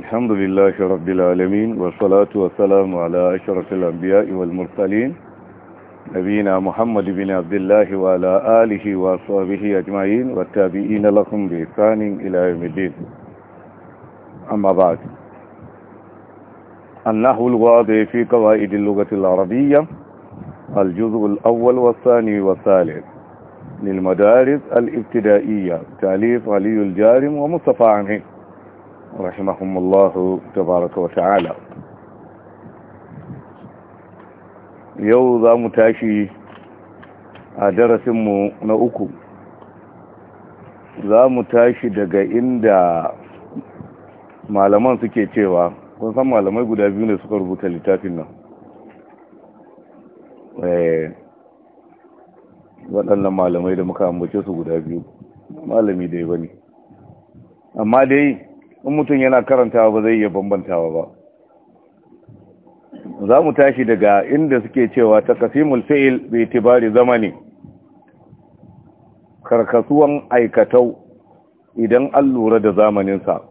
الحمد لله رب العالمين والصلاة والسلام على أشرف الأنبياء والمرسلين نبينا محمد بن عبد الله وعلى آله وصحبه أجمعين والتابعين لكم بإحسان إلى يوم الدين أما بعد النحو الواضح في قواعد اللغة العربية الجزء الأول والثاني والثالث للمدارس الابتدائية تأليف علي الجارم ومصطفى عمين رحمهم الله تبارك وتعالى yau za mu tashi a mu na uku za mu tashi daga inda malaman suke cewa kun san malamai guda biyu ne suka rubuta littafin nan eh, waɗannan malamai da muka ambace su guda biyu malami dai ba ne amma dai in mutum yana karantawa ba zai iya bambantawa ba za mu tashi daga inda suke cewa ta kasimul fi'il bai tibari zamani karkasuwan aikatau idan an lura da zamaninsa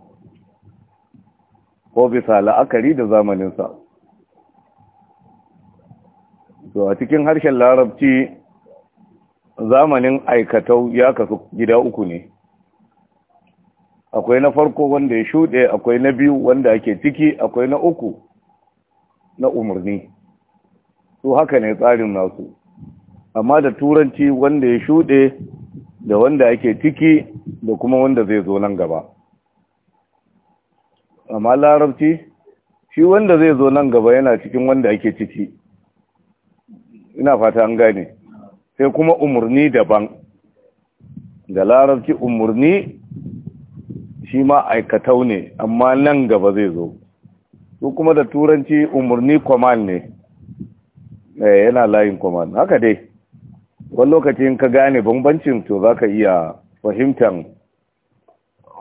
ko bisa la'akari da zamaninsa so a cikin harshen larabci zamanin aikatau ya kasu gida uku ne akwai na farko wanda ya shuɗe akwai na biyu wanda ake ciki akwai na uku na umarni su haka ne tsarin nasu amma da turanci wanda ya shuɗe da wanda ake ciki da kuma wanda zai zo nan gaba amma larabci shi wanda zai zo nan gaba yana cikin wanda ake ciki ina fata an gane sai kuma umarni daban da larabci umarni shi ma aikatau ne amma nan gaba zai zo su kuma da turanci umarni command ne eh, yana layin command haka dai wani lokacin ka gane bambancin to za ka iya fahimtar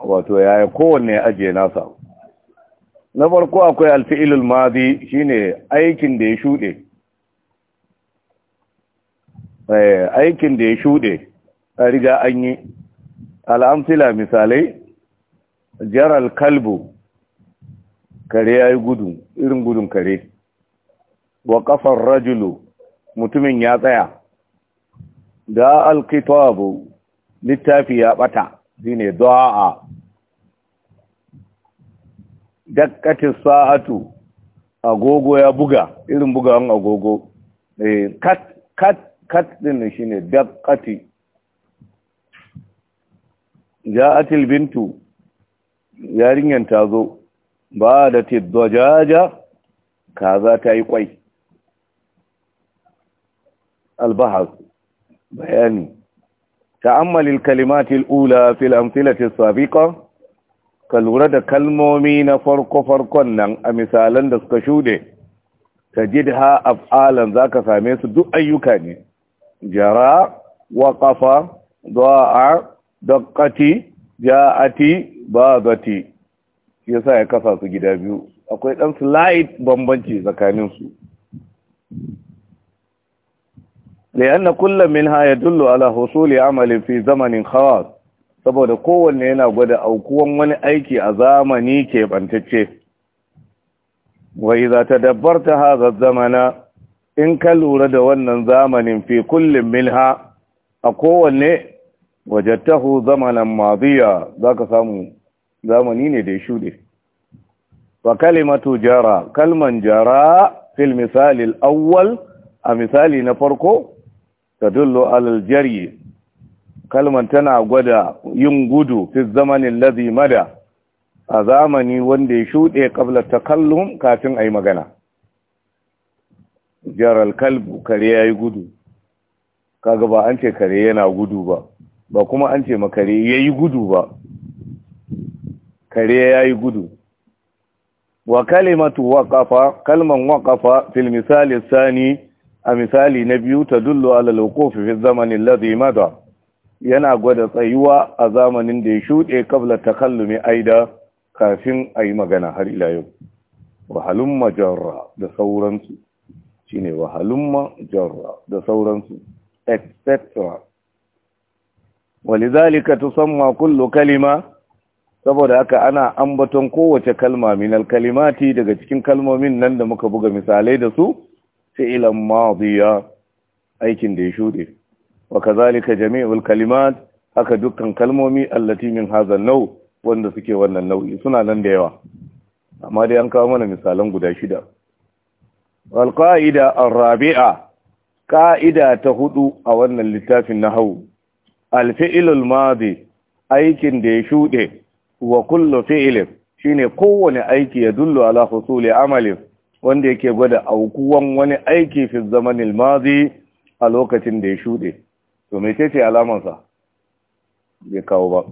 wato yaya kowanne ajiye nasa na farko akwai alfi'ilul mazi shine aikin da ya shuɗe eh, aikin da ya shuɗe a riga an yi al'amsila misalai jaral kalbu kare ya yi gudu irin gudun kare wa kafar rajulu mutumin ya tsaya da alkitabu littafi ya bata shine da'a dakkatin sa'atu agogo ya buga irin bugawan agogo eh, kat kat kat din shine dakkati ja'atil bintu Yarinyar ta zo ba da tiddajaja kaza ta yi kwai albahar bayani ta'ammalil kalimatil ula fil amfilatis sabiqa ka lura da kalmomi na farko-farkon nan a misalan da suka shude tajidha af'alan ka same su duk ayyuka ne jara wa waqafa a daƙati ja'ati bazati shi yasa ya kasa su gida biyu akwai ɗan slide bambanci tsakanin su lianna ha minha dullo ala husuli amalin fi zamanin khawas saboda kowanne yana gwada aukuwan wani aiki a zamani ke bantacce wa idza tadabbarta hadha zamana in ka lura da wannan zamanin fi kullin minha a kowanne wajattahu zamanan madiya zaka samu zamani ne da ya shuɗe. wa kalimatu jara kalman jara fil misali al-awwal a misali na farko tadullu alal jari kalman tana gwada yin gudu fi zamanin ladhi mada a zamani wanda ya shude qabla takallum kafin ayi magana jaral kalbu kare yayi gudu kaga ba an ce kare yana gudu ba ba kuma an ce makare ya yi gudu ba kare ya yi gudu wa kalimatu waƙafa kalman waƙafa fil misali sani a misali na biyu ta dullo alalokofi fi zamanin lazi mada yana gwada tsayuwa a zamanin da ya shuɗe kabla ta kallumi aida kafin a yi magana har ila yau wahalumma jarra da sauransu shi ne wahalumma jarra da sauransu etc walizalika tusamma kullu kalima saboda haka ana ambaton kowace kalma minal kalimati daga cikin kalmomin nan da muka buga misalai da su ilan madiya aikin da ya shude wa kazalika jami'ul kalimat haka dukkan kalmomi allati min hadha nau wanda suke wannan nau'i suna nan da yawa amma dai an kawo mana misalan guda shida wal qa'ida ar-rabi'a qa'ida ta hudu a wannan littafin nahwu alfi'ilul madi aikin da ya shuɗe wa kullu fi'ilin shine kowane aiki ya dullu ala husuli amalin wanda yake gwada aukuwan wani aiki fi zamanin madi a lokacin da ya shuɗe to me ce alamansa ya kawo ba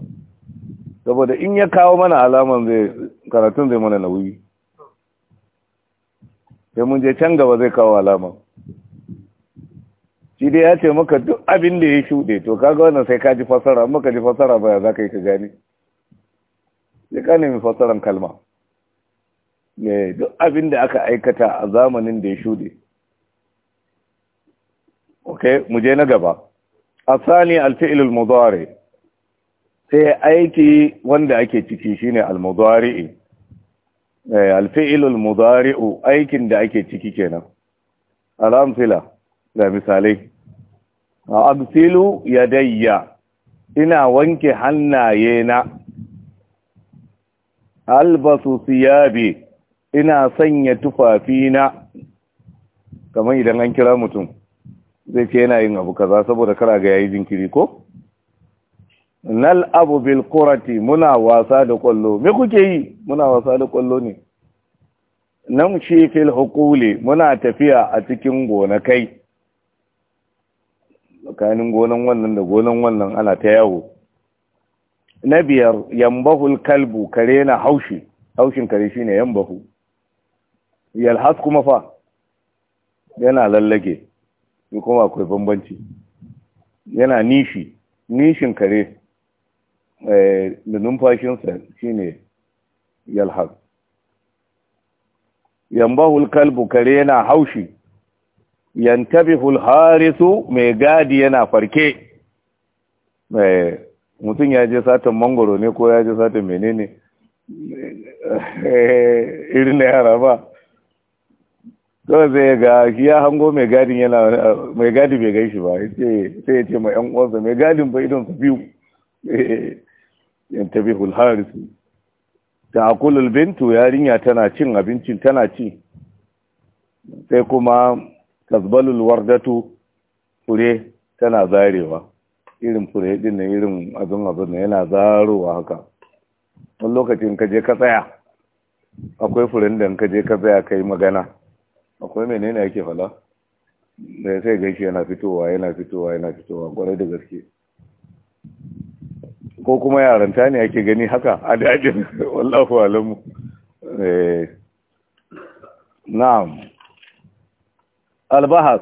saboda in ya kawo mana alaman zai karatun zai mana nauyi sai mun je can gaba zai kawo alaman shi dai ya ce maka duk abin da ya shuɗe to kaga wannan sai ka ji fasara maka ji fasara ba za ka yi ka gani? sai ka nemi fasaran kalma ne eh, duk abin da aka aikata a zamanin da ya shuɗe ok mu je na gaba A sani alfi'ilul mudari sai aiki wanda ake ciki shine al-mudari eh, alfi'il al-mudari aikin da ake ciki kenan al ga misalai ya yadayya ina wanke hannaye na albasu siyabi ina sanya tufafina kamar idan an kira mutum zai ce yana yin abu kaza saboda kara ga yayi jinkiri ko nal abu bil qurati muna wasa da kwallo me kuke yi muna wasa da kwallo ne shi fil huquli muna tafiya a cikin gonakai tsakanin gonan wannan da gonan wannan ana ta yawo na biyar yambahu kalbu kare na haushi haushin kare shine yambahu yalhas kuma fa yana lallage shi kuma akwai bambanci yana nishi nishin kare eh, da numfashinsa shine yalhas yambahu kalbu kare na haushi yantabihul harisu mai gadi yana farke eh, mutum ya je satan mangoro ne ko ya je satan menene eh, irin na yara ba kawai zai ga shi ya hango mai gadin yana mai gadi bai gaishi ba sai ya ce mai yan uwansa mai gadin bai idon su biyu eh, yantabihul harisu ta akulul bintu yarinya tana cin abincin tana ci sai kuma tasbalul wardatu fure tana zarewa irin fure din nan irin azun azun nan yana zarowa haka wani lokacin ka je ka tsaya akwai furen da ka je ka tsaya kai magana akwai menene yake fala da ya sai gaishe yana fitowa yana fitowa yana fitowa kwarai da gaske ko kuma yaranta ne ake gani haka a dajin wallahu alamu eh. na'am البحث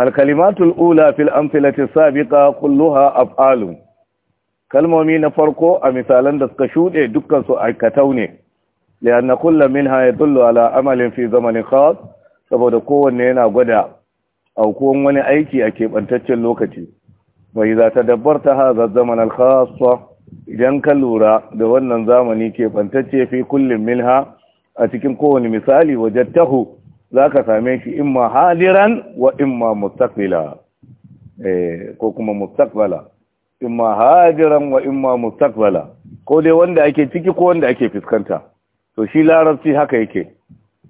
الكلمات الأولى في الأمثلة السابقة كلها أفعال kalmomi na farko a misalan da suka shuɗe dukkansu aikatau ne lianna kulla minha ya dullu ala amalin fi zamanin khas saboda kowanne yana gwada aukuwan wani aiki a keɓantaccen lokaci Mai za ta dabbarta haza zaman alkhaswa idan ka lura da wannan zamani keɓantacce fi kullum minha a cikin kowane misali wajen tahu za ka same shi imma hadiran wa imma mustaqbila eh, ko kuma mustaqbala imma hadiran wa imma mustaqbala ko dai wanda ake ciki ko wanda ake fuskanta to shi larabci haka yake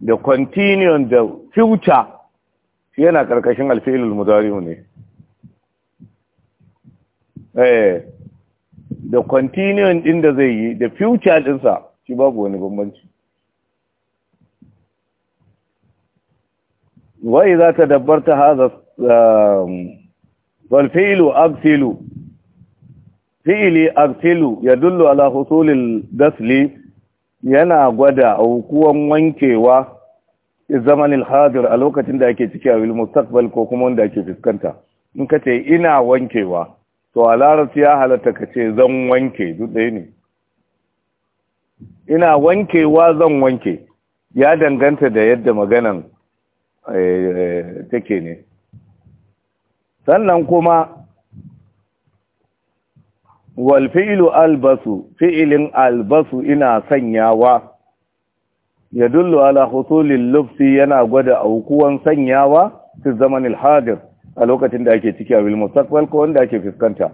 the continuum the future shi yana karkashin alfi'ilul mudari ne eh the continuum din da zai yi the future sa shi babu wani bambanci wa idza tadabbarta hadha wal fi'lu abtilu fi'li abtilu yadullu ala dasli yana gwada aukuwan wankewa zamanin hadir a lokacin da ake ciki a mustaqbal ko kuma wanda ake fuskanta in ka ce ina wankewa to a laras ya halatta ka ce zan wanke duk ɗaya ne ina wankewa zan wanke ya danganta da yadda maganan Eh, take ne sannan kuma wal fi'lu albasu fi'ilin albasu ina sanyawa ya dullu ala husulil lufsi yana gwada aukuwan sanyawa su zamanin hadir a lokacin da ake ciki a bil mustaqbal ko wanda ake fuskanta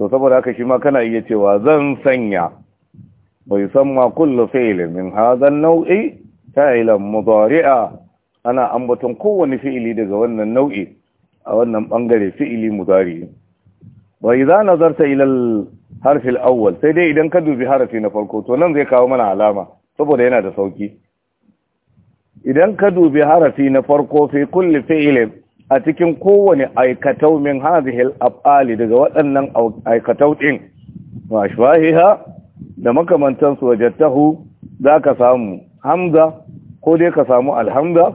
to saboda haka shi ma kana iya cewa zan sanya bai san ma kullu fi'lin min nau'i? nau'i nawi fa'ilan mudari'a ana ambaton kowane fi'ili daga wannan nau'i a wannan bangare fi'ili mudari wa idza nazarta ila al-harf al-awwal sai dai idan ka dubi harafi na farko to nan zai kawo mana alama saboda yana da sauki idan ka dubi harafi na farko fi kulli fi'ilin a cikin kowane aikatau min hadhihi al-af'ali daga waɗannan aikatau din wa ashbahiha da makamantansu wajattahu zaka samu hamza ko dai ka samu alhamza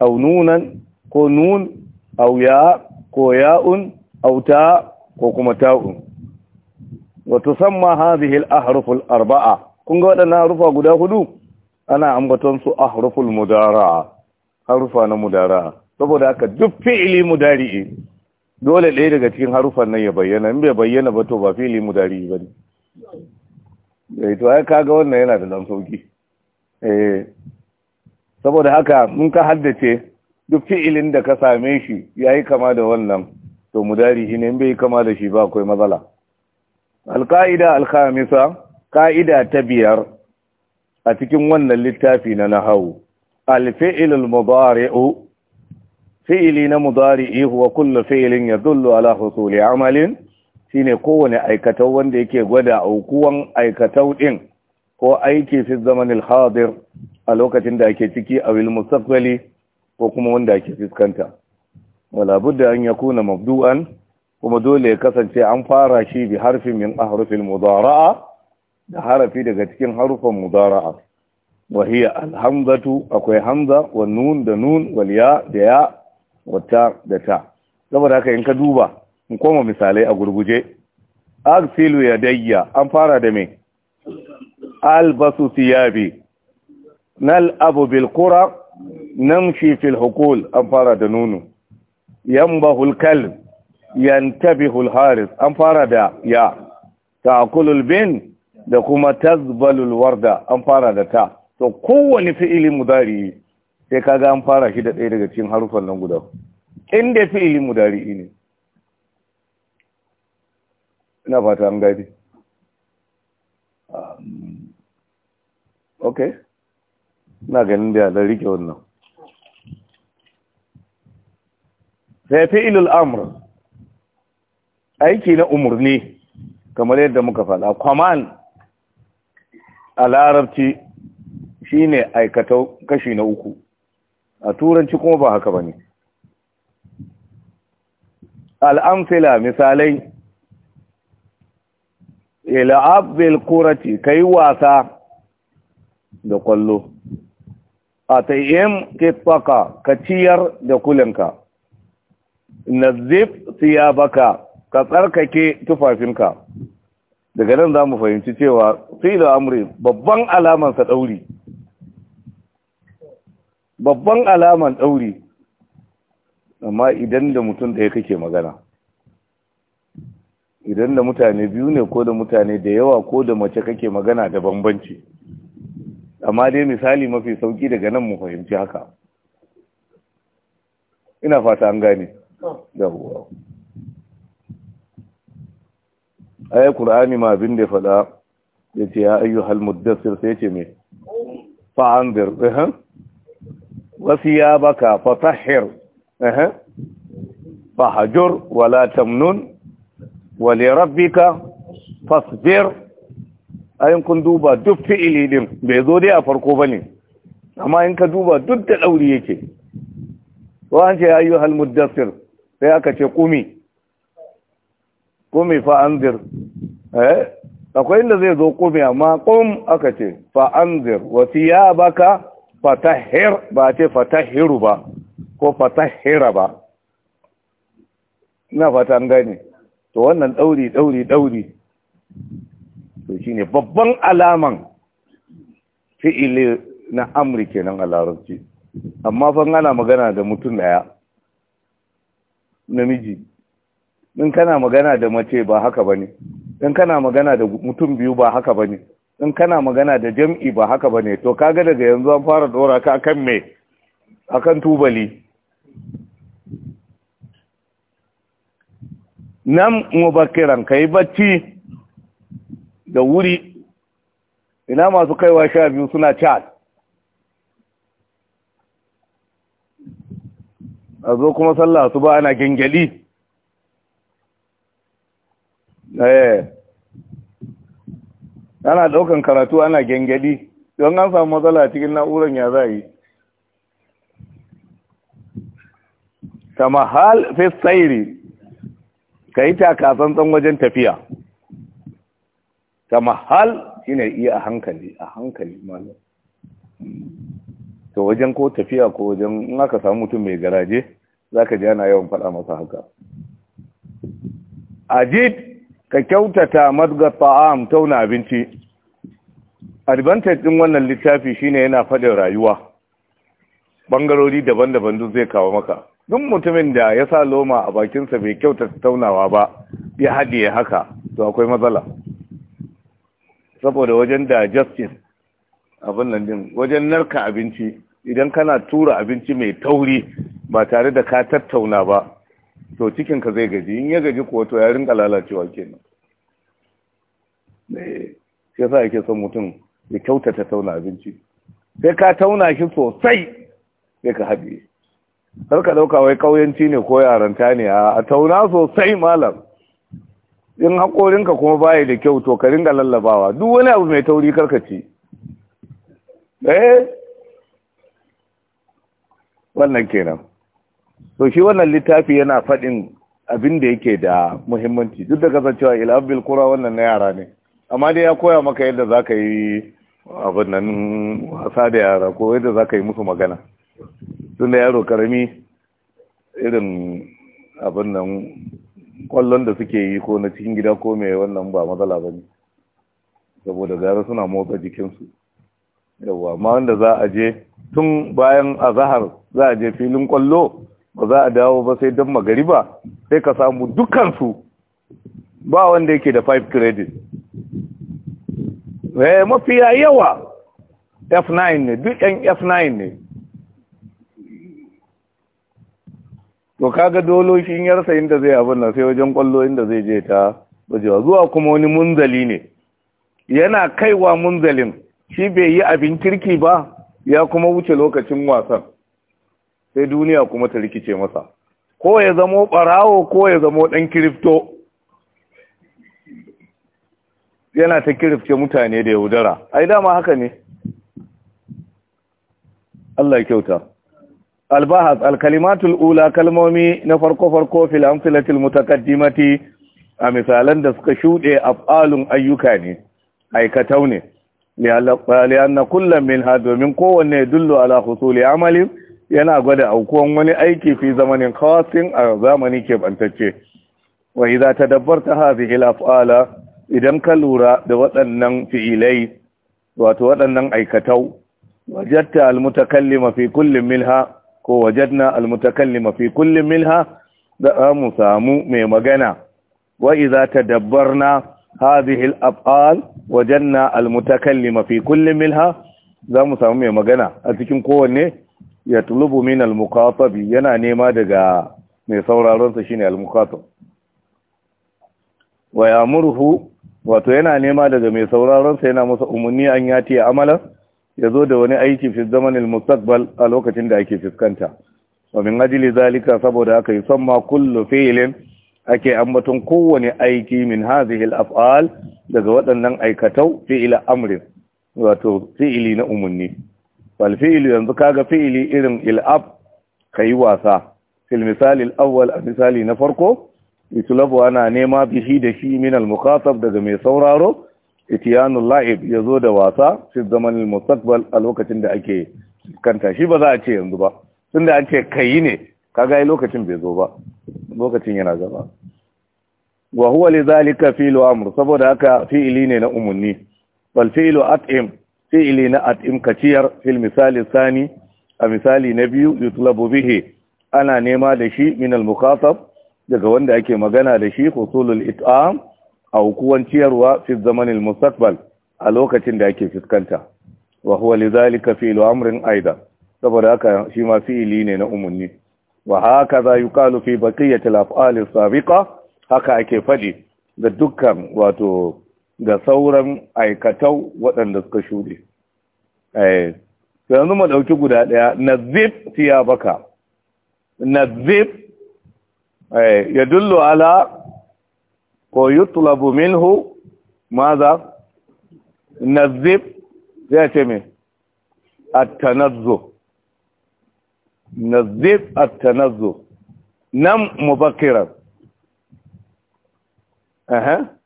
au nunan ko nun au ko ya'un au ko kuma ta'un Wato tusamma hadhihi al-ahruf arbaa kun ga wadannan harufa guda hudu ana ambaton su ahruful mudara'a harufa na mudara'a saboda haka duk fi'ili mudari'i dole ɗaya daga cikin harufan nan ya bayyana in bai bayyana ba to ba fi'ili mudari'i bane eh to ai kaga wannan yana da dan sauki saboda haka mun ka haddace duk fi'ilin da ka same shi yayi kama da wannan to mudari shi ne bai kama da shi ba akwai matsala alqaida alkhamisa qaida ta biyar a cikin wannan littafi na nahawu alfi'il almudari'u fi'ili na mudari'i huwa kullu fi'ilin yadullu ala husuli amalin shine kowane aikatau wanda yake gwada aukuwan aikatau ɗin ko aiki fi zamanil hadir a lokacin da ake ciki a wil mustaqbali ko kuma wanda ake fuskanta wala budda an yakuna mabdu'an kuma dole ya kasance an fara shi bi harfin min ahrufil mudara'a da harafi daga cikin harufan mudara'a wa hiya alhamzatu akwai hamza wa nun da nun wal ya da ya wa ta da ta saboda haka in ka duba in koma misalai a gurguje ya yadayya an fara da me albasu thiyabi nal abu bil nan fi fil an fara da nunu. nono yambahul yan tabi Hulharis, an fara da ya ta'kulul bin da kuma tazbalul warda an fara da ta to kowane fi'ili mudari sai kaga an fara shi da ɗaya daga cikin harufan nan guda inda fi'ili mudari ne ina fata an gadi okay ina ganin da dan rike wannan sai fi'ilul amr aiki na umurni kamar yadda muka faɗa Kwaman a larabci shine aikata kashi na uku a turanci kuma ba haka ba ne. al'amfila misalai ila abdul kurati kai wasa da kwallo atayim kitaka ka ciyar da kulinka nazif siyabaka ka tsarkake tufafinka daga nan za mu fahimci cewa filu amri babban alamansa ɗauri babban alaman ɗauri amma idan da mutum ɗaya kake magana idan da mutane biyu ne ko da mutane da yawa ko da mace kake magana da bambanci amma dai misali mafi sauki daga nan mu fahimci haka ina fata an gane yawwa ayi qur'ani ma abin da fada yace ya ayyuhal muddassir sai yace me fa anzir eh wasiyabaka fatahhir eh fahjur wala tamnun wa li rabbika fasbir ayin kun duba duk fi'ili din bai zo dai a farko ba ne amma in ka duba duk da ɗauri yake ko an ce hal halmuddassir sai aka ce kumi kumi fa anzir eh akwai inda zai zo kumi amma kum aka ce fa anzir wa thiyabaka fatahhir ba ce fatahhiru ba ko fatahhira ba ina fata an gane to wannan ɗauri ɗauri ɗauri to shine babban alaman fi'ili na amri kenan a larabci amma fa ana magana da mutum daya namiji in kana magana da mace ba haka bane in kana magana da mutum biyu ba haka bane in kana magana da jam'i ba haka bane to kaga daga yanzu an fara dora ka akan me akan tubali nan mubakiran kai bacci da wuri ina masu kaiwa sha biyu suna chad a zo kuma sallah su ba ana gengeli eh ana daukan karatu ana gengeli don an samu matsala cikin naurar ya za yi kama hal fi tsairi ka yi takasan wajen tafiya Ta shine iya a hankali a hankali malam to wajen ko tafiya ko wajen in aka samu mutum mai garaje zaka ji ana yawan faɗa masa haka ajid ka kyautata mazga ta'am tauna abinci advantage din wannan littafi shine yana faɗin rayuwa bangarori daban-daban duk zai kawo maka duk mutumin da ya sa loma a bakinsa bai kyautata taunawa ba ya haɗiye haka to akwai matsala saboda wajen digestion abin nan din wajen narka abinci idan kana tura abinci mai tauri ba tare da ka tattauna ba to cikin ka zai gaji in ya gaji kuwa to ya rinka lalacewa kenan eh, shi yasa yake son mutum ya kyautata tauna abinci sai ka tauna shi sosai sai ka haɗe har ka ɗauka wai kauyanci ne ko yaranta ne a tauna sosai malam in ka kuma baya da kyau to ka ringa lallabawa duk wani abu mai tauri karkaci eh wannan kenan to shi wannan littafi yana faɗin abin da yake da muhimmanci duk da kasancewa ilabbil kura wannan na yara ne amma dai ya koya maka yadda za ka yi abin nan wasa da yara ko yadda za ka yi musu magana tun yaro karami irin abin nan kwallon da suke yi ko na cikin gida ko mai wannan ba matsala ba ne saboda gara suna motsa jikinsu yawwa ma wanda za a je tun bayan a zahar za a je filin kwallo ba za a dawo ba sai don ba sai ka samu dukansu ba wanda yake da 5 credit eh, mafiya yawa F9 ne duk yan F9 ne to kaga dolo shi yar sayin da zai abin nan sai wajen kwallo inda zai je ta bajewa zuwa kuma wani munzali ne yana kaiwa munzalin shi bai yi abin kirki ba ya kuma wuce lokacin wasan sai duniya kuma ta rikice masa ko ya zamo barawo ko ya zamo dan kirifto yana ta kirifce mutane da yaudara ai dama haka ne Allah ya kyauta albahas alkalimatul ula kalmomi na farko-farko fil mutakaddimati a misalan da suka shuɗe af'alun ayyuka ne aikatau ne lianna kullum min ha domin kowanne dullu ala husuli yana gwada aukuwan wani aiki fi zamanin khasin a zamani keɓantacce wa idza dabbar hadhihi al-af'ala idan ka lura da waɗannan fi'ilai wato waɗannan aikatau wajatta al-mutakallima fi kullum minha ko wajadna almutakallima fi kullum minha da mu samu mai magana wa idza tadabbarna hadhihi al-af'al wajanna al-mutakallima fi kulli minha mu samu mai magana a cikin kowanne ya tulubu min al yana nema daga mai sauraron sa shine al Wa wa ya'muruhu wato yana nema daga mai sauraron sa yana masa umarni an yati amalan ya zo da wani aiki fi zamanin mustaqbal a lokacin da ake fuskanta wa min zalika saboda aka ma kullu fi'lin ake ambaton kowane aiki min hadhihi al-af'al daga waɗannan aikatau fi'ila amrin wato fi'ili na umarni wal fi'ili yanzu kaga fi'ili irin il'ab kai wasa fil misali al-awwal a misali na farko itlabu ana nema bihi da shi min al daga mai sauraro itiyanu la'ib ya zo da wasa fi zamanin mustaqbal a lokacin da ake kanta shi ba za a ce yanzu ba tunda an ce kai ne kaga ai lokacin bai zo ba lokacin yana gaba wa huwa lidhalika fi'lu amr saboda haka fi'ili ne na umunni bal fi'lu at'im fi'ili na at'im kaciyar fil misali sani a misali na biyu yutlabu bihi ana nema da shi min al mukhatab daga wanda ake magana da shi husulul it'am aukuwan ciyarwa fi zamanin mustaqbal a lokacin da ake fuskanta wa huwa fi fi'lu amrin aida saboda haka shi ma fi'ili ne na umarni. wa haka za yuqalu fi baqiyati al-af'al as-sabiqa haka ake fadi da dukkan wato ga sauran aikatau waɗanda suka shuɗe eh yanzu mu dauki guda daya nazib baka. nazib eh yadullu ala ويطلب منه ماذا نذب يتمه التنزه نذب التنزه نم مبكرا اها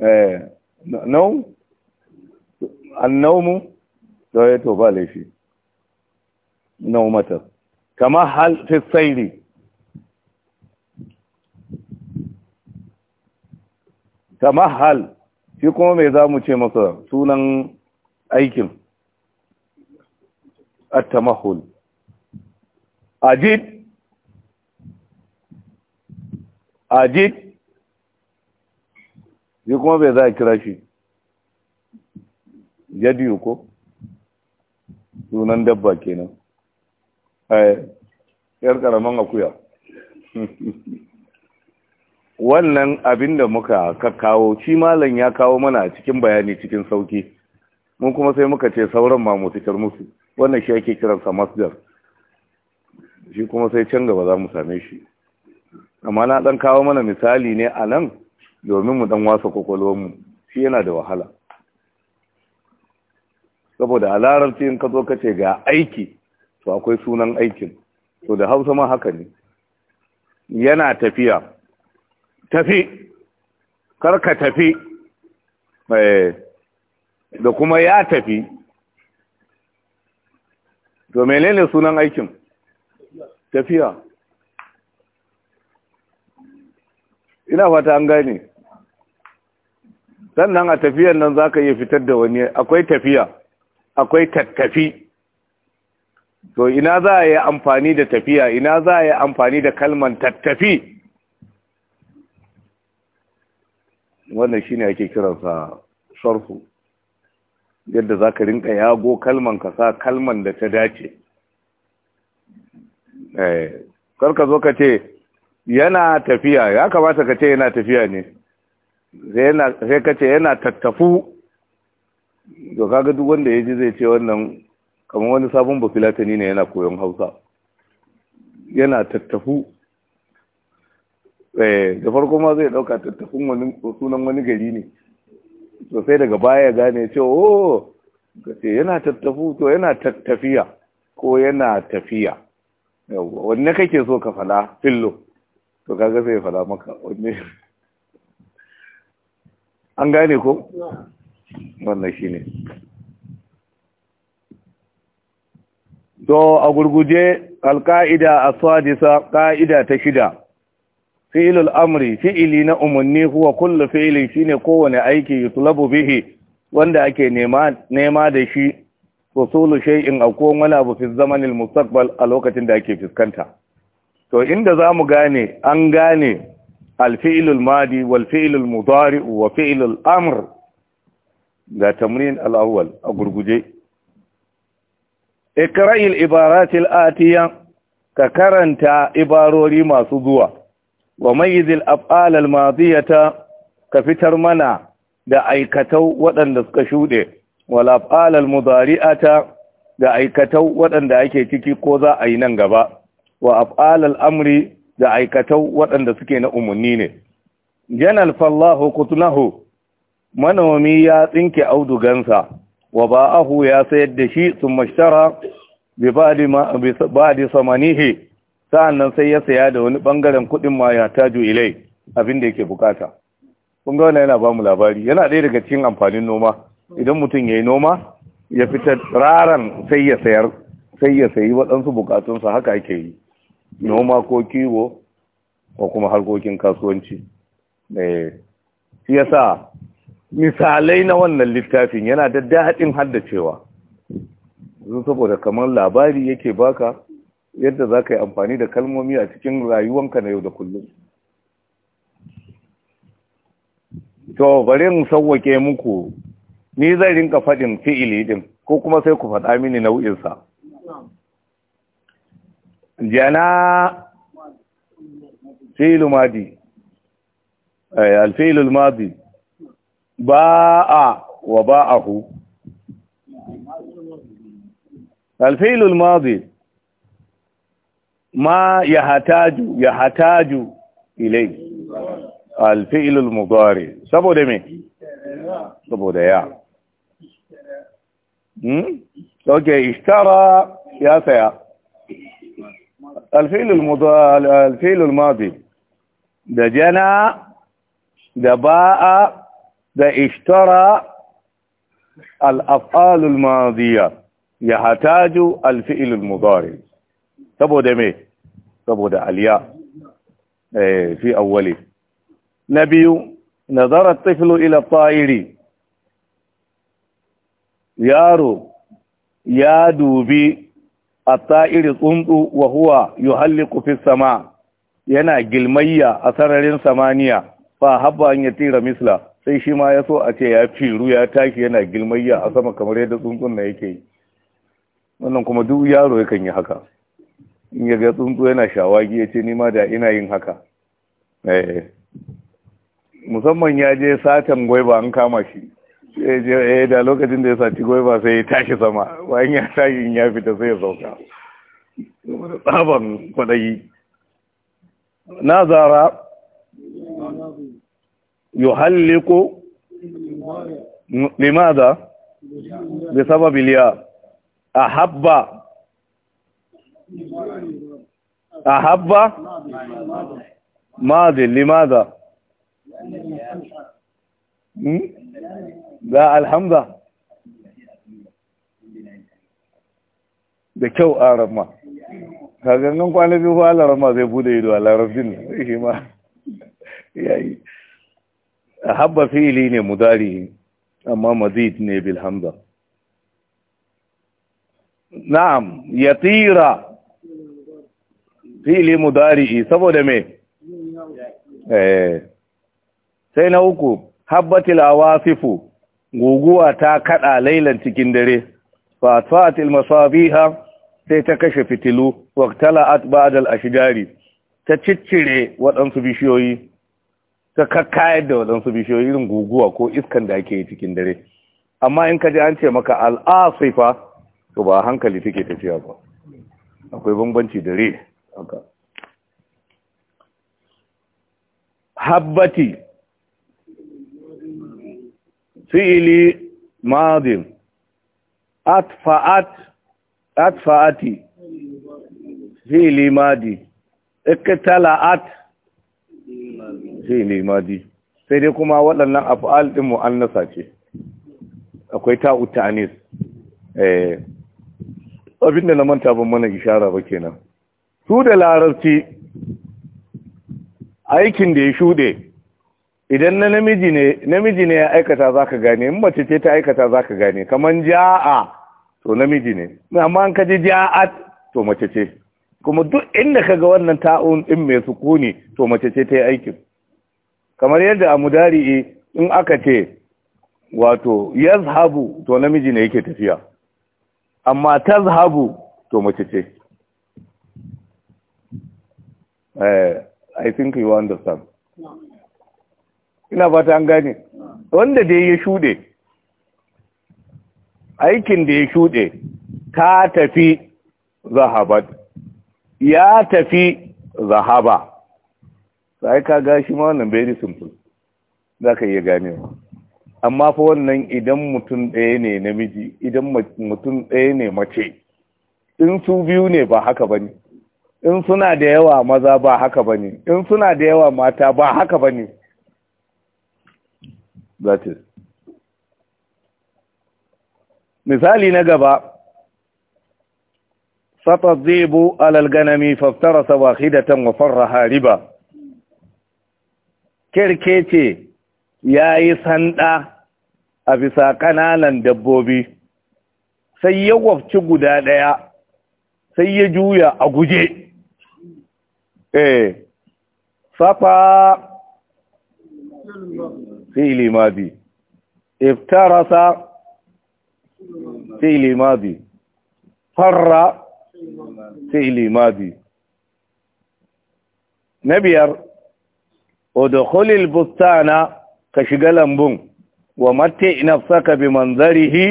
ايه نوم النوم ده يتوبالي فيه نومته كما حال في السيري tamahal shi kuma mai za mu ce masa sunan aikin at-tamahul ajid ajid shi kuma mai za a kira shi yadiyu ko sunan dabba kenan eh, yar karamin akuya wannan abin da muka kawo shi malam ya kawo mana a cikin bayani cikin sauki mun kuma sai muka ce sauran ma mutukar musu wannan shi ake kiransa masdar shi kuma sai can gaba za mu same shi amma na dan kawo mana misali ne a nan domin mu dan wasa mu shi yana da wahala saboda a larabci in ka zo ka ce ga aiki to akwai sunan aikin to da hausa ma haka ne yana tafiya tafi kar ka tafi eh, da kuma ya tafi to menene sunan aikin tafiya ina fata an gane sannan a tafiyan nan zaka iya fitar da wani akwai tafiya akwai tattafi to ina za a yi amfani da tafiya ina za a yi amfani da kalman tattafi wannan shi ne ake kiransa sharhu yadda za ka rinka yago kalman ka sa kalman da ta dace eh, karka zo ka ce yana tafiya ya kamata ka ce yana tafiya ne sai ka ce yana tattafu to kaga duk wanda ya ji zai ce wannan kamar wani sabon bafilatani ne yana koyon hausa yana tattafu Eh, da farko ma zai dauka tattafin wani sunan wani gari ne to sai daga baya gane ce o oh! ka ce yana tattafu to yana tattafiya ko yana tafiya wanne kake so ka fala fillo to kaga sai fala maka wanne an gane ko wannan shine to a gurguje alka'ida a sadisa ƙa'ida ta shida fi'ilul amri fi'ili na umarni huwa kullu fi'ili ne kowane aiki tulabu bihi wanda ake nema da shi shai in akwai wani abu fi zamanin mustaqbal a lokacin da ake fuskanta to inda za mu gane an gane al madi wal fi'lul wa fi'lul amr ga tamrin al a gurguje ikra'il ibaratil Atiyan ka karanta ibarori masu zuwa wa mayyizil af'al al-madiyata ka fitar mana da aikatau waɗanda suka shuɗe wal af'al al-mudari'ata da aikatau waɗanda ake ciki ko za a yi nan gaba wa af'al al-amri da aikatau waɗanda suke na umarni ne janal fallahu kutunahu manomi ya tsinke audugansa wa ba'ahu ya sayar da shi sun mashtara bi ba samanihi sa'an nan sai ya saya da wani ɓangaren kuɗin ma ya taju ilai abin da yake bukata kun yana ba mu labari yana ɗaya daga cikin amfanin noma idan mutum ya yi noma ya fitar raran sai ya sayar sai ya sayi waɗansu bukatunsa haka ake yi noma ko kiwo ko kuma harkokin kasuwanci eh, Ya sa misalai na wannan littafin yana da daɗin haddacewa sun saboda kamar labari yake baka yadda za ka yi amfani da kalmomi a cikin rayuwanka na yau da kullum to bari in sauwake muku ni zai rinka faɗin fi'ili din ko kuma sai ku faɗa mini nau'insa jana fi'ilu madi eh, alfi'ilu madi a wa ba'ahu Alfi'ilu madi ما يحتاج يحتاج إليه الفعل المضارع سبو ده مي سبو ده يا اوكي اشترى يا سيا الفعل المضارع الفعل الماضي ده جنى ده باء ده اشترى الافعال الماضيه يحتاج الفعل المضارع سبو ده مي saboda aliya eh, fi awwali na biyu nazarar tafilu ila fa'iri yaro ya dubi a ta'iri tsuntsu wa huwa halli kufin sama yana gilmayya a sararin samaniya ba haɓa an yatira misla sai shi ma ya so a ce ya firu ya tashi yana gilmayya a sama kamar yadda tsuntsun na yake yi wannan kuma duk yaro yakan yi haka in ya ga tsuntsu yana shawagi ya ce nima da ina yin haka eh. musamman ya je satan gwaiba an kama shi eh da lokacin da ya saci gwaiba sai ya tashi sama bayan ya tashi in ya fita sai ya sauka tsaban kwadayi na zara halliko limaza bi sababil a ahabba أحب ماضي لماذا لا الحمد لله كو أعرف ما هذا نعم قال لي هو على رما ذي بودي يدو على رفدين إيه ما يعني أحب في لين مداري أما مزيد نبي الحمد نعم يطير fi'ili mudari'i saboda me eh sai na uku habbatil awasifu guguwa ta kada lailan cikin dare fa fatil masabiha sai ta kashe fitilu waqtala'at ba'd al-ashjari ta ciccire waɗansu bishiyoyi ta kakkayar da waɗansu bishiyoyi irin guguwa ko iskan da ake cikin dare amma in ka ji an ce maka al'asifa to ba hankali take tafiya ba akwai bambanci dare. habbati fi'ili madin atfa'at atfa'ati fi'ili madi iktala'at fi'ili madi sai dai kuma waɗannan af'al din mu'annasa ce akwai ta'utanis. ta'anis eh abinda na manta ban mana ishara ba kenan su da larabci aikin da ya shuɗe idan na namiji ne namiji ne ya aikata za ka gane in mace ce ta aikata za ka gane kaman ja'a to namiji ne amma an kaji ja'at to mace ce kuma duk inda kaga wannan ta'un din mai sukuni to mace ce ta yi aikin kamar yadda a mudari'i in aka ce wato yazhabu to namiji ne yake tafiya amma tazhabu to mace ce Eh, I think you understand. Ina fata an gane. Wanda dai ya shuɗe, aikin da ya shuɗe, ta tafi zahabat, ya tafi zahaba. Sai ka gashi ma wannan very simple, za ka iya ganewa. Amma fa wannan idan mutum ɗaya ne namiji, idan mutum ɗaya ne mace, in su biyu ne ba haka ba ne. in suna da yawa maza ba haka ba ne in suna da yawa mata ba haka ba ne misali na gaba sata zebo alal ganami faftara sabahidatan wa riba kirkece ya yi sanda a bisa ƙananan dabbobi sai ya wafci guda ɗaya sai ya juya a guje eh safa fi'li madi iftarasa fi'li madi farra fi'li madi na biyar busta na ka shiga lambun wa matti ina bi manzarihi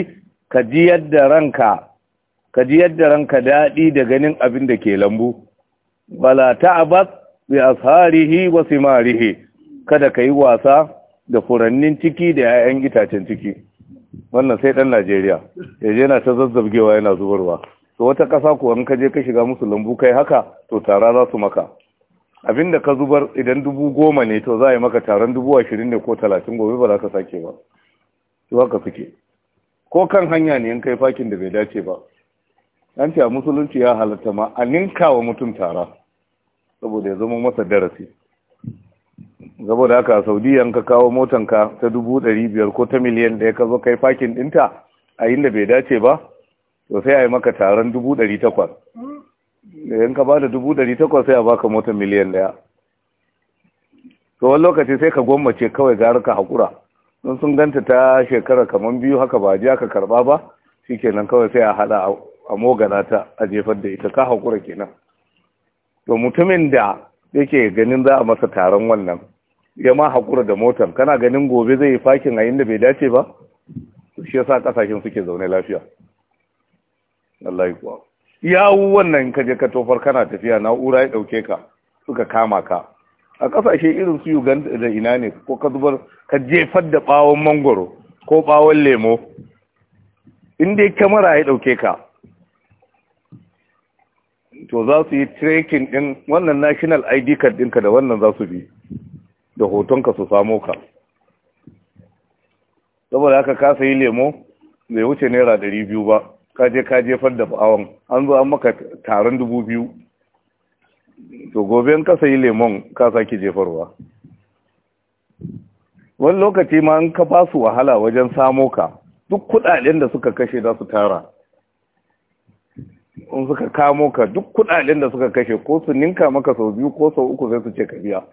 ka ji yadda ranka ka ji yadda ranka daɗi da ganin abin da ke lambu wala ta'abat bi asharihi wa simarihi kada ka wasa da furannin ciki da 'ya'yan itacen ciki wannan sai dan Najeriya yaje yana ta zazzabgewa yana zubarwa to wata kasa ko an ka je ka shiga musu lambu kai haka to tara za su maka abinda ka zubar idan dubu goma ne to za a yi maka taron dubu ashirin ne ko talatin gobe ba za ka sake ba su haka suke ko kan hanya ne in kai fakin da bai dace ba an ce a musulunci ya halatta ma a ninka wa mutum tara saboda ya zama masa darasi saboda haka saudiyan ka kawo motanka ta dubu ɗari biyar ko ta miliyan ɗaya ka zo kai fakin ɗinta a inda bai dace ba to sai a yi maka taron dubu ɗari takwas da ka ba dubu ɗari takwas sai a baka motan miliyan ɗaya to wani lokaci sai ka gwammace kawai gara ka haƙura don sun ganta ta shekara kamar biyu haka ba ji aka karɓa ba shi kenan kawai sai a haɗa a mogana ta a jefar da ita ka haƙura kenan to mutumin da yake ganin za a masa taron wannan ya ma hakura da motar kana ganin gobe zai yi fakin a inda bai dace ba shi yasa kasashen suke zaune lafiya kuwa yawu wannan ka je ka tofar kana tafiya na'ura ya dauke ka suka kama ka a kasashe irin su Uganda da ina ne ko ka zubar ka jefar da ɓawon mangoro ko bawon lemo in dai kamera ya dauke ka to za su yi tracking din wannan national id card ɗinka da wannan za su bi da hotonka su samo ka saboda haka ka sayi lemo bai wuce naira ɗari biyu ba ka je ka jefar da ba'awan an zo an maka taron dubu biyu to gobe in ka sayi lemon ka sake jefarwa wani lokaci ma in ka ba su wahala wajen samo ka duk kuɗaɗen da suka kashe za su tara in suka kamo ka duk kudaden da suka kashe ko su ninka maka sau biyu ko sau uku sai su ce ka biya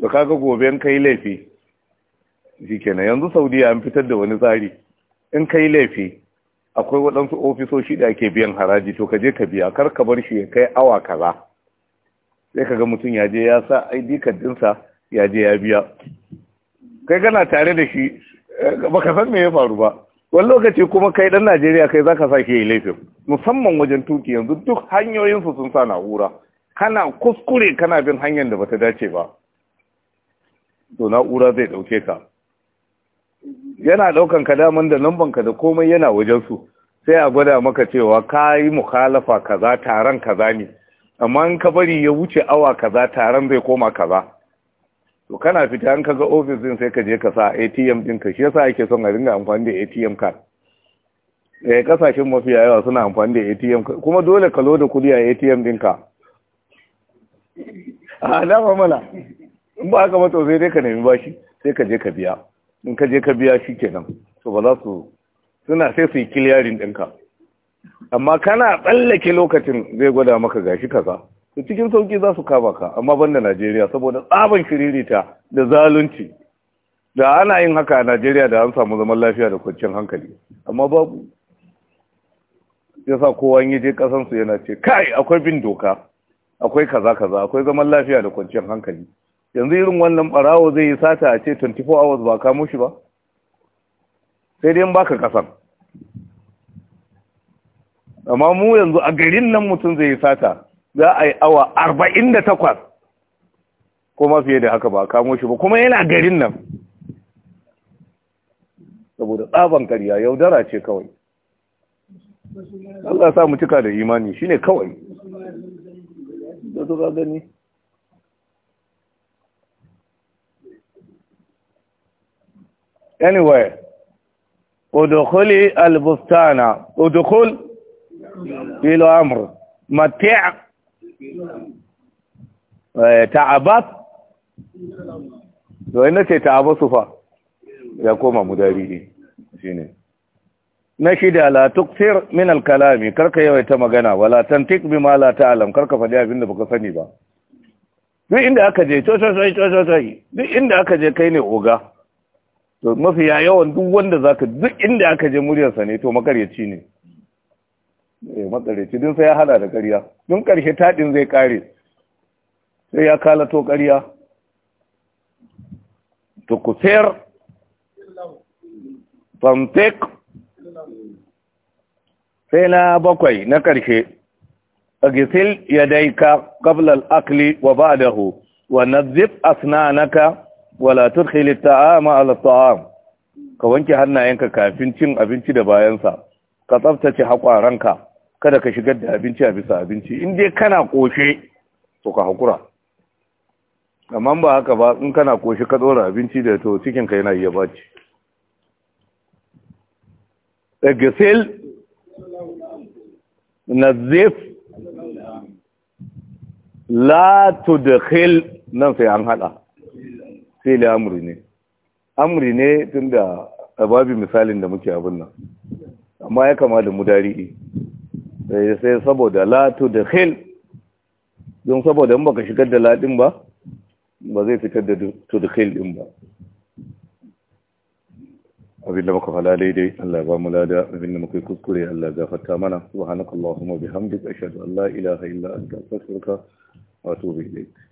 to kaga gobe in kai laifi shikenan yanzu saudiya an fitar da wani tsari in kai laifi akwai waɗansu ofisoshi da ake biyan haraji to ka je ka biya kar ka bar shi ya kai awa kaza sai kaga mutum ya je ya sa ID card dinsa ya je ya biya kai kana tare da shi eh, baka san me ya faru ba wani lokaci kuma kai dan najeriya kai zaka sake yi laifin musamman wajen tuki yanzu duk hanyoyinsu sun sa na'ura kana kuskure kana bin hanyar da bata dace ba to na'ura zai dauke ka yana daukan ka daman da lamban ka da komai yana wajen su sai a gwada maka cewa kayi mukhalafa kaza taron kaza ne amma in ka bari ya wuce awa kaza taron zai koma kaza to kana fita an kaga ofis din sai ka je ka sa ATM din ka shi yasa ake son a dinga amfani da ATM card eh kasashen mafiya yawa suna amfani da ATM kuma dole ka loda kudi a ATM dinka a dama mala in ba ka mato sai dai ka nemi bashi sai ka je ka biya in ka je ka biya shi kenan to ba za su suna sai su yi kiliyarin ɗinka amma kana tsallake lokacin zai gwada maka gashi kaza da cikin sauki za su kama ka amma banda Najeriya saboda tsaban kiririta da zalunci da ana yin haka a Najeriya da an samu zaman lafiya da kwanciyar hankali amma babu yasa kowa in je kasan su yana ce kai akwai bin doka akwai kaza kaza akwai zaman lafiya da kwanciyar hankali yanzu irin wannan barawo zai yi sata a ce 24 hours ba kamo shi ba sai dai baka kasan amma mu yanzu a garin nan mutum zai yi sata za a yi awa arba'in da takwas kuma fiye da haka ba kamo shi ba kuma yana garin nan saboda tsaban karya yaudara ce kawai Allah sa mu cika da imani shine kawai zato su gani anyway udkhuli albustana udkhul fil amr mati' Eh, ta'abat to ina ce ta'abasu fa ya koma mudari shine na shida la tuksir min al-kalami karka yawaita magana wala tantik bima la ta'lam karka faɗi abin da baka sani ba duk inda aka je to to duk inda aka je kai ne oga to mafi yawan duk wanda zaka duk inda aka je muryarsa ne to makaryaci ne Eh, matsareci din sai ya hada da ƙarya don ƙarshe taɗin zai ƙare sai ya to ƙarya to ku sayar fantek sai na bakwai na ƙarshe a gisil ya ka ƙablal akli wa ba da hu wa na ka wala tudkhil taama ala taam ka wanke hannayenka kafin cin abinci da bayansa ka tsaftace haƙwaranka kada ka shigar da abinci a bisa abinci in dai kana koshe to ka hakura amma ba haka ba in kana koshe ka dora abinci da to cikin ka yana iya baci egesel nazif la tudkhil nan sai an hada sai da ne amri ne tunda babu misalin da muke abin nan amma ya kama da mudari'i Eh, sai saboda latu da khil don saboda in baka shigar da latin ba ba zai fitar da to khil din ba abin da muka fala daidai Allah ya ba mu lada abin da muka yi kuskure Allah ya gafarta mana subhanakallahumma bihamdika ashhadu an la ilaha illa anta astaghfiruka wa atubu ilayk